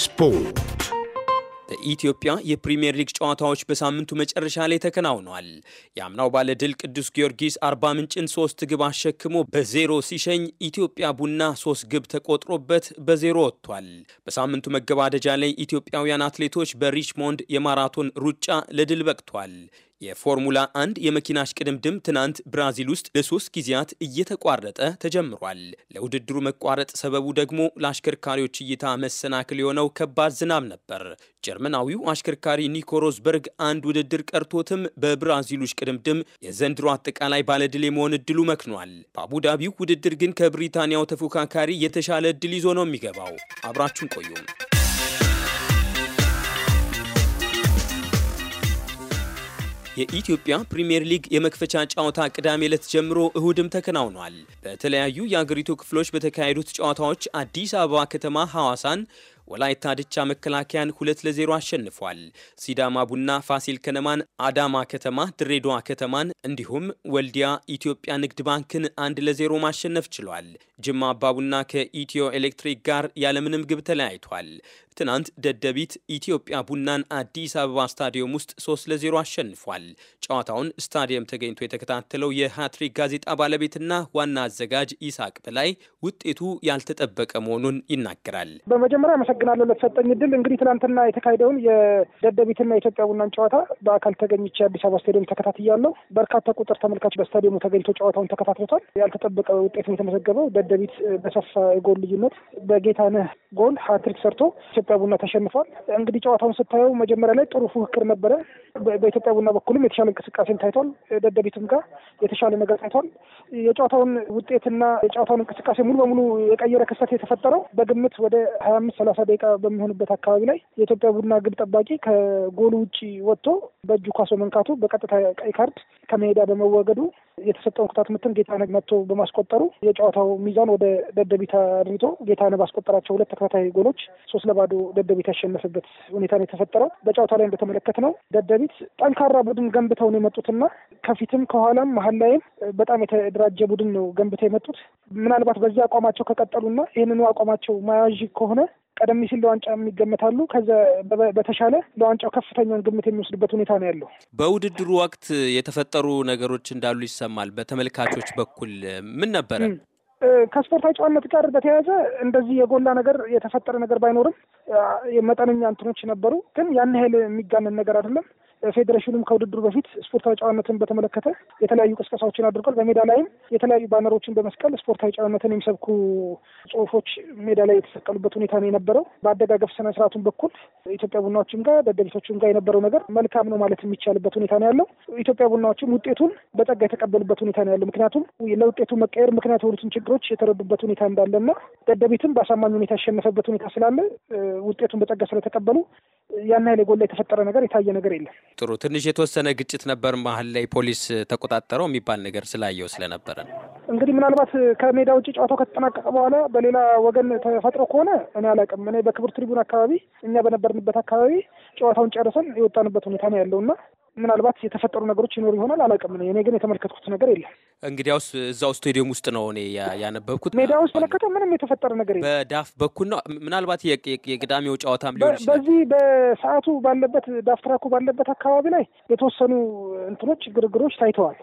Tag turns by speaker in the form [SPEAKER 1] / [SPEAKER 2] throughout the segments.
[SPEAKER 1] ስፖርት
[SPEAKER 2] በኢትዮጵያ የፕሪምየር ሊግ ጨዋታዎች በሳምንቱ መጨረሻ ላይ ተከናውኗል። የአምናው ባለድል ቅዱስ ጊዮርጊስ አርባ ምንጭን ሶስት ግብ አሸክሞ በዜሮ ሲሸኝ ኢትዮጵያ ቡና ሶስት ግብ ተቆጥሮበት በዜሮ ወጥቷል። በሳምንቱ መገባደጃ ላይ ኢትዮጵያውያን አትሌቶች በሪችሞንድ የማራቶን ሩጫ ለድል በቅቷል። የፎርሙላ አንድ የመኪና እሽቅድምድም ትናንት ብራዚል ውስጥ ለሶስት ጊዜያት እየተቋረጠ ተጀምሯል። ለውድድሩ መቋረጥ ሰበቡ ደግሞ ለአሽከርካሪዎች እይታ መሰናክል የሆነው ከባድ ዝናብ ነበር። ጀርመናዊው አሽከርካሪ ኒኮ ሮዝበርግ አንድ ውድድር ቀርቶትም በብራዚሉ እሽቅድምድም የዘንድሮ አጠቃላይ ባለድል የመሆን እድሉ መክኗል። በአቡዳቢው ውድድር ግን ከብሪታንያው ተፎካካሪ የተሻለ እድል ይዞ ነው የሚገባው። አብራችሁን ቆዩም የኢትዮጵያ ፕሪምየር ሊግ የመክፈቻ ጨዋታ ቅዳሜ ዕለት ጀምሮ እሁድም ተከናውኗል። በተለያዩ የአገሪቱ ክፍሎች በተካሄዱት ጨዋታዎች አዲስ አበባ ከተማ ሐዋሳን፣ ወላይታ ድቻ መከላከያን ሁለት ለዜሮ አሸንፏል። ሲዳማ ቡና ፋሲል ከነማን፣ አዳማ ከተማ ድሬዳዋ ከተማን እንዲሁም ወልዲያ ኢትዮጵያ ንግድ ባንክን አንድ ለዜሮ ማሸነፍ ችሏል። ጅማ አባቡና ከኢትዮ ኤሌክትሪክ ጋር ያለምንም ግብ ተለያይቷል። ትናንት ደደቢት ኢትዮጵያ ቡናን አዲስ አበባ ስታዲየም ውስጥ 3 ለዜሮ አሸንፏል። ጨዋታውን ስታዲየም ተገኝቶ የተከታተለው የሃትሪክ ጋዜጣ ባለቤትና ዋና አዘጋጅ ይስሐቅ በላይ ውጤቱ ያልተጠበቀ መሆኑን ይናገራል።
[SPEAKER 3] በመጀመሪያ አመሰግናለሁ ለተሰጠኝ እድል። እንግዲህ ትናንትና የተካሄደውን የደደቢትና የኢትዮጵያ ቡናን ጨዋታ በአካል ተገኝቼ አዲስ አበባ ስታዲየም ተከታትያለሁ። በርካታ ቁጥር ተመልካች በስታዲየሙ ተገኝቶ ጨዋታውን ተከታትሎታል። ያልተጠበቀ ውጤት የተመዘገበው ደደቢት በሰፋ የጎል ልዩነት በጌታነህ ጎል ሃትሪክ ሰርቶ ኢትዮጵያ ቡና ተሸንፏል። እንግዲህ ጨዋታውን ስታየው መጀመሪያ ላይ ጥሩ ፉክክር ነበረ። በኢትዮጵያ ቡና በኩልም የተሻለ እንቅስቃሴም ታይቷል። ደደቢትም ጋር የተሻለ ነገር ታይቷል። የጨዋታውን ውጤትና የጨዋታውን እንቅስቃሴ ሙሉ በሙሉ የቀየረ ክስተት የተፈጠረው በግምት ወደ ሀያ አምስት ሰላሳ ደቂቃ በሚሆንበት አካባቢ ላይ የኢትዮጵያ ቡና ግብ ጠባቂ ከጎሉ ውጭ ወጥቶ በእጁ ኳስ በመንካቱ በቀጥታ ቀይ ካርድ ከሜዳ በመወገዱ የተሰጠውን ቅጣት ምትን ጌታነህ መጥቶ በማስቆጠሩ የጨዋታው ሚዛን ወደ ደደቢት አድርቶ ጌታነህ ባስቆጠራቸው ሁለት ተከታታይ ጎሎች ሶስት ለባዶ ለባዶ ደደቢት ያሸነፈበት ሁኔታ ነው የተፈጠረው። በጨዋታ ላይ እንደተመለከት ነው ደደቢት ጠንካራ ቡድን ገንብተው ነው የመጡትና ከፊትም ከኋላም መሀል ላይም በጣም የተደራጀ ቡድን ነው ገንብተው የመጡት። ምናልባት በዚህ አቋማቸው ከቀጠሉና ይህንኑ አቋማቸው ማያዥ ከሆነ ቀደም ሲል ለዋንጫ የሚገመታሉ። ከዛ በተሻለ ለዋንጫው ከፍተኛውን ግምት የሚወስድበት ሁኔታ ነው ያለው።
[SPEAKER 2] በውድድሩ ወቅት የተፈጠሩ ነገሮች እንዳሉ ይሰማል። በተመልካቾች በኩል ምን ነበረ?
[SPEAKER 3] ከስፖርታዊ ጨዋነት ጋር በተያያዘ እንደዚህ የጎላ ነገር የተፈጠረ ነገር ባይኖርም መጠነኛ እንትኖች ነበሩ፣ ግን ያን ያህል የሚጋነን ነገር አይደለም። ፌዴሬሽኑም ከውድድሩ በፊት ስፖርታዊ ጨዋነትን በተመለከተ የተለያዩ ቅስቀሳዎችን አድርጓል። በሜዳ ላይም የተለያዩ ባነሮችን በመስቀል ስፖርታዊ ጨዋነትን የሚሰብኩ ጽሁፎች ሜዳ ላይ የተሰቀሉበት ሁኔታ ነው የነበረው። በአደጋገፍ ስነ ስርዓቱን በኩል ኢትዮጵያ ቡናዎችም ጋር ደደቢቶችም ጋር የነበረው ነገር መልካም ነው ማለት የሚቻልበት ሁኔታ ነው ያለው። ኢትዮጵያ ቡናዎችም ውጤቱን በጸጋ የተቀበሉበት ሁኔታ ነው ያለው። ምክንያቱም ለውጤቱ መቀየር ምክንያት የሆኑትን ችግሮች የተረዱበት ሁኔታ እንዳለና ደደቢትም በአሳማኝ ሁኔታ ያሸነፈበት ሁኔታ ስላለ ውጤቱን በጸጋ ስለተቀበሉ ያን ያህል የጎላ የተፈጠረ ነገር የታየ ነገር የለም።
[SPEAKER 2] ጥሩ። ትንሽ የተወሰነ ግጭት ነበር መሀል ላይ ፖሊስ ተቆጣጠረው የሚባል ነገር ስላየው ስለነበረ
[SPEAKER 3] እንግዲህ ምናልባት ከሜዳ ውጭ ጨዋታው ከተጠናቀቀ በኋላ በሌላ ወገን ተፈጥሮ ከሆነ እኔ አላውቅም። እኔ በክብር ትሪቡን አካባቢ እኛ በነበርንበት አካባቢ ጨዋታውን ጨርሰን የወጣንበት ሁኔታ ነው ያለውና ምናልባት የተፈጠሩ ነገሮች ይኖሩ ይሆናል አላውቅም። እኔ ግን የተመለከትኩት ነገር የለም።
[SPEAKER 2] እንግዲያውስ እዛው ስቴዲየም ውስጥ ነው እኔ ያነበብኩት። ሜዳ
[SPEAKER 3] ውስጥ መለከተ ምንም የተፈጠረ ነገር የለም።
[SPEAKER 2] በዳፍ በኩል ነው ምናልባት የቅዳሜው ጨዋታም ሊሆን ይችላል።
[SPEAKER 3] በዚህ በሰዓቱ ባለበት ዳፍ ትራኩ ባለበት አካባቢ ላይ የተወሰኑ እንትኖች ግርግሮች ታይተዋል።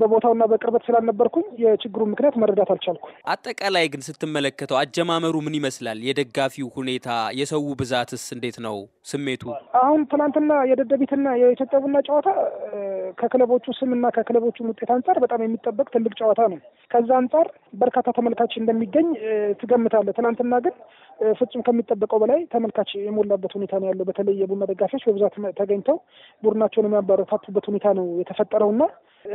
[SPEAKER 3] በቦታውና በቅርበት ስላልነበርኩኝ የችግሩን ምክንያት መረዳት አልቻልኩ።
[SPEAKER 2] አጠቃላይ ግን ስትመለከተው አጀማመሩ ምን ይመስላል? የደጋፊው ሁኔታ፣ የሰው ብዛትስ እንዴት ነው ስሜቱ?
[SPEAKER 3] አሁን ትናንትና የደደቢትና የኢትዮጵያ ቡና ጨዋታ ከክለቦቹ ስምና ከክለቦቹ ውጤት አንጻር በጣም የሚጠበቅ ትልቅ ጨዋታ ነው። ከዛ አንጻር በርካታ ተመልካች እንደሚገኝ ትገምታለህ። ትናንትና ግን ፍጹም ከሚጠበቀው በላይ ተመልካች የሞላበት ሁኔታ ነው ያለው። በተለይ የቡና ደጋፊዎች በብዛት ተገኝተው ቡድናቸውን የሚያበረታቱበት ሁኔታ ነው የተፈጠረውና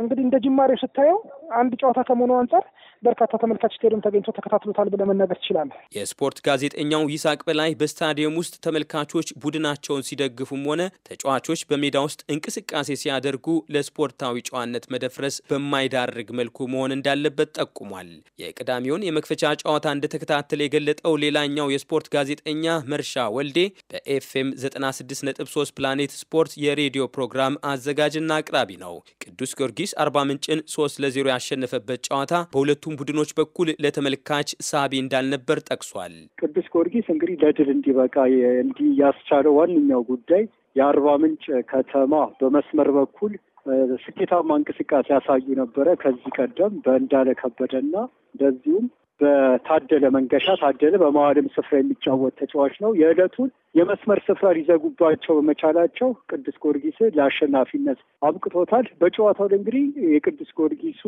[SPEAKER 3] እንግዲህ እንደ ጅማሬው ስታየው አንድ ጨዋታ ከመሆኑ አንጻር በርካታ ተመልካች ስቴዲየም ተገኝቶ ተከታትሎታል ብለህ መናገር ትችላለህ።
[SPEAKER 2] የስፖርት ጋዜጠኛው ይስሐቅ በላይ በስታዲየም ውስጥ ተመልካቾች ቡድናቸውን ሲደግፉም ሆነ ተጫዋቾች በሜዳ ውስጥ እንቅስቃሴ ሲያደርጉ ለስፖርታዊ ጨዋነት መደፍረስ በማይዳርግ መልኩ መሆን እንዳለበት ጠቁሟል። የቅዳሜውን የመክፈቻ ጨዋታ እንደተከታተለ የገለጠው ሌላኛው የስፖርት ጋዜጠኛ መርሻ ወልዴ በኤፍኤም 96.3 ፕላኔት ስፖርት የሬዲዮ ፕሮግራም አዘጋጅና አቅራቢ ነው። ቅዱስ ጊዮርጊስ ጊዮርጊስ አርባ ምንጭን ሶስት ለዜሮ ያሸነፈበት ጨዋታ በሁለቱም ቡድኖች በኩል ለተመልካች ሳቢ እንዳልነበር ጠቅሷል።
[SPEAKER 1] ቅዱስ ጊዮርጊስ እንግዲህ ለድል እንዲበቃ እንዲህ ያስቻለው ዋነኛው ጉዳይ የአርባ ምንጭ ከተማ በመስመር በኩል ስኬታማ እንቅስቃሴ ያሳዩ ነበረ። ከዚህ ቀደም በእንዳለ ከበደና እንደዚሁም በታደለ መንገሻ ታደለ በመዋልም ስፍራ የሚጫወት ተጫዋች ነው። የዕለቱን የመስመር ስፍራ ሊዘጉባቸው በመቻላቸው ቅዱስ ጊዮርጊስ ለአሸናፊነት አብቅቶታል። በጨዋታው እንግዲህ የቅዱስ ጊዮርጊሱ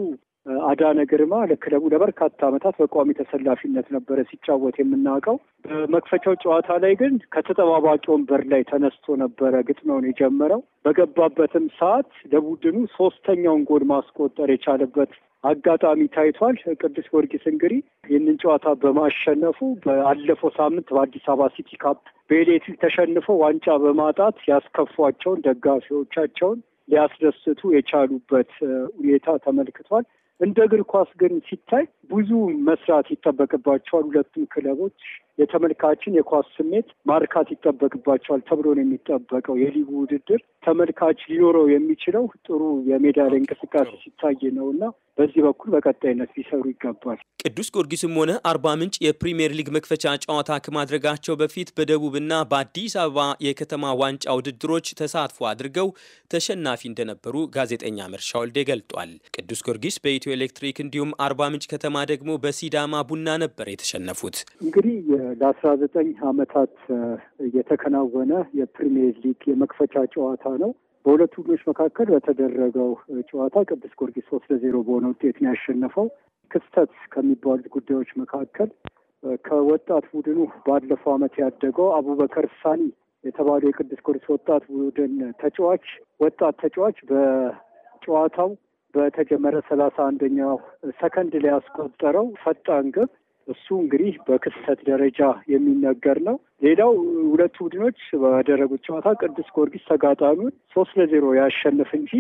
[SPEAKER 1] አዳነ ግርማ ለክለቡ ለበርካታ ዓመታት በቋሚ ተሰላፊነት ነበረ ሲጫወት የምናውቀው። በመክፈቻው ጨዋታ ላይ ግን ከተጠባባቂ ወንበር ላይ ተነስቶ ነበረ ግጥመውን የጀመረው። በገባበትም ሰዓት ለቡድኑ ሶስተኛውን ጎል ማስቆጠር የቻለበት አጋጣሚ ታይቷል። ቅዱስ ጊዮርጊስ እንግዲህ ይህንን ጨዋታ በማሸነፉ በአለፈው ሳምንት በአዲስ አበባ ሲቲ ካፕ በኤሌትሪክ ተሸንፎ ዋንጫ በማጣት ያስከፏቸውን ደጋፊዎቻቸውን ሊያስደስቱ የቻሉበት ሁኔታ ተመልክቷል። እንደ እግር ኳስ ግን ሲታይ ብዙ መስራት ይጠበቅባቸዋል። ሁለቱም ክለቦች የተመልካችን የኳስ ስሜት ማርካት ይጠበቅባቸዋል ተብሎ ነው የሚጠበቀው። የሊጉ ውድድር ተመልካች ሊኖረው የሚችለው ጥሩ የሜዳ ላይ እንቅስቃሴ ሲታይ ነው እና በዚህ በኩል በቀጣይነት ሊሰሩ ይገባል።
[SPEAKER 2] ቅዱስ ጊዮርጊስም ሆነ አርባ ምንጭ የፕሪምየር ሊግ መክፈቻ ጨዋታ ከማድረጋቸው በፊት በደቡብና በአዲስ አበባ የከተማ ዋንጫ ውድድሮች ተሳትፎ አድርገው ተሸናፊ እንደነበሩ ጋዜጠኛ መርሻ ወልዴ ገልጧል። ቅዱስ ጊዮርጊስ በኢትዮ ኤሌክትሪክ እንዲሁም አርባ ምንጭ ከተማ ደግሞ በሲዳማ ቡና ነበር የተሸነፉት።
[SPEAKER 1] እንግዲህ ለአስራ ዘጠኝ አመታት የተከናወነ የፕሪሚየር ሊግ የመክፈቻ ጨዋታ ነው። በሁለቱ ቡድኖች መካከል በተደረገው ጨዋታ ቅዱስ ጊዮርጊስ ሶስት ለዜሮ በሆነ ውጤት ነው ያሸነፈው። ክስተት ከሚባሉት ጉዳዮች መካከል ከወጣት ቡድኑ ባለፈው ዓመት ያደገው አቡበከር ሳኒ የተባለው የቅዱስ ጊዮርጊስ ወጣት ቡድን ተጫዋች ወጣት ተጫዋች በጨዋታው በተጀመረ ሰላሳ አንደኛው ሰከንድ ላይ ያስቆጠረው ፈጣን ግብ እሱ እንግዲህ በክስተት ደረጃ የሚነገር ነው። ሌላው ሁለቱ ቡድኖች ባደረጉት ጨዋታ ቅዱስ ጊዮርጊስ ተጋጣሚውን ሶስት ለዜሮ ያሸንፍ እንጂ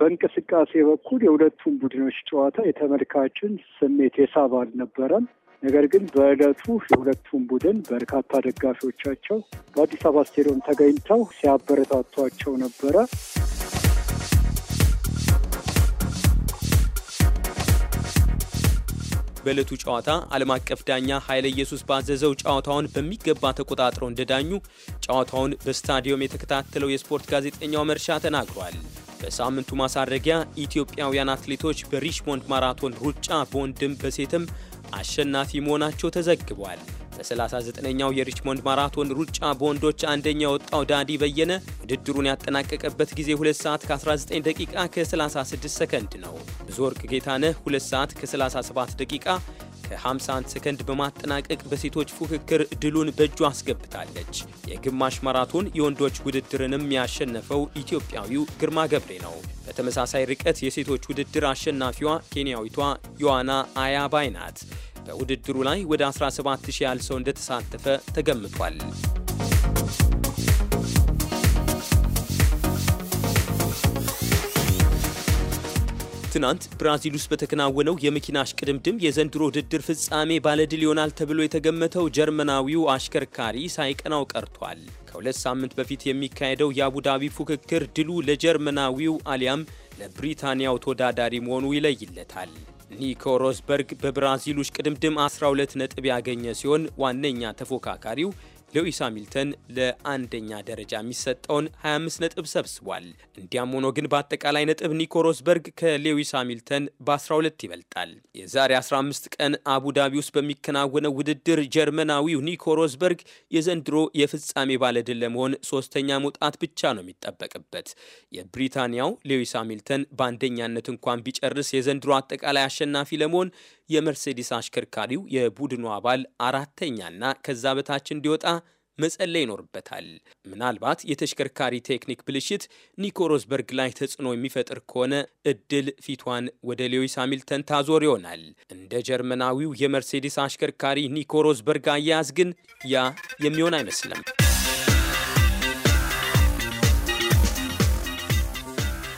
[SPEAKER 1] በእንቅስቃሴ በኩል የሁለቱም ቡድኖች ጨዋታ የተመልካችን ስሜት የሳብ አልነበረም። ነገር ግን በዕለቱ የሁለቱም ቡድን በርካታ ደጋፊዎቻቸው በአዲስ አበባ ተገኝተው ሲያበረታቷቸው ነበረ።
[SPEAKER 2] በዕለቱ ጨዋታ ዓለም አቀፍ ዳኛ ኃይለ ኢየሱስ ባዘዘው ጨዋታውን በሚገባ ተቆጣጥረው እንደዳኙ ጨዋታውን በስታዲየም የተከታተለው የስፖርት ጋዜጠኛው መርሻ ተናግሯል። በሳምንቱ ማሳረጊያ ኢትዮጵያውያን አትሌቶች በሪችሞንድ ማራቶን ሩጫ በወንድም በሴትም አሸናፊ መሆናቸው ተዘግቧል። በ39ኛው የሪችሞንድ ማራቶን ሩጫ በወንዶች አንደኛ ወጣው ዳዲ በየነ ውድድሩን ያጠናቀቀበት ጊዜ 2 ሰዓት ከ19 ደቂቃ ከ36 ሰከንድ ነው። ብዙ ወርቅ ጌታነህ 2 ሰዓት ከ37 ደቂቃ ከ51 ሰከንድ በማጠናቀቅ በሴቶች ፉክክር ድሉን በእጁ አስገብታለች። የግማሽ ማራቶን የወንዶች ውድድርንም ያሸነፈው ኢትዮጵያዊው ግርማ ገብሬ ነው። በተመሳሳይ ርቀት የሴቶች ውድድር አሸናፊዋ ኬንያዊቷ ዮዋና አያባይ ናት። በውድድሩ ላይ ወደ 17 ሺህ ያህል ሰው እንደተሳተፈ ተገምቷል። ትናንት ብራዚል ውስጥ በተከናወነው የመኪና እሽቅድምድም የዘንድሮ ውድድር ፍጻሜ ባለድል ይሆናል ተብሎ የተገመተው ጀርመናዊው አሽከርካሪ ሳይቀናው ቀርቷል። ከሁለት ሳምንት በፊት የሚካሄደው የአቡዳቢ ፉክክር ድሉ ለጀርመናዊው አሊያም ለብሪታንያው ተወዳዳሪ መሆኑ ይለይለታል። ኒኮ ሮዝበርግ በብራዚሉ ሽቅድምድም 12 ነጥብ ያገኘ ሲሆን ዋነኛ ተፎካካሪው ሌዊስ ሃሚልተን ለአንደኛ ደረጃ የሚሰጠውን 25 ነጥብ ሰብስቧል። እንዲያም ሆኖ ግን በአጠቃላይ ነጥብ ኒኮ ሮስበርግ ከሌዊስ ሃሚልተን በ12 ይበልጣል። የዛሬ 15 ቀን አቡዳቢ ውስጥ በሚከናወነው ውድድር ጀርመናዊው ኒኮ ሮስበርግ የዘንድሮ የፍጻሜ ባለድል ለመሆን ሶስተኛ መውጣት ብቻ ነው የሚጠበቅበት። የብሪታንያው ሌዊስ ሃሚልተን በአንደኛነት እንኳን ቢጨርስ የዘንድሮ አጠቃላይ አሸናፊ ለመሆን የመርሴዲስ አሽከርካሪው የቡድኑ አባል አራተኛና ከዛ በታች እንዲወጣ መጸለይ ይኖርበታል። ምናልባት የተሽከርካሪ ቴክኒክ ብልሽት ኒኮ ሮዝበርግ ላይ ተጽዕኖ የሚፈጥር ከሆነ እድል ፊቷን ወደ ሌዊስ ሃሚልተን ታዞር ይሆናል። እንደ ጀርመናዊው የመርሴዲስ አሽከርካሪ ኒኮ ሮዝበርግ አያያዝ ግን ያ የሚሆን አይመስልም።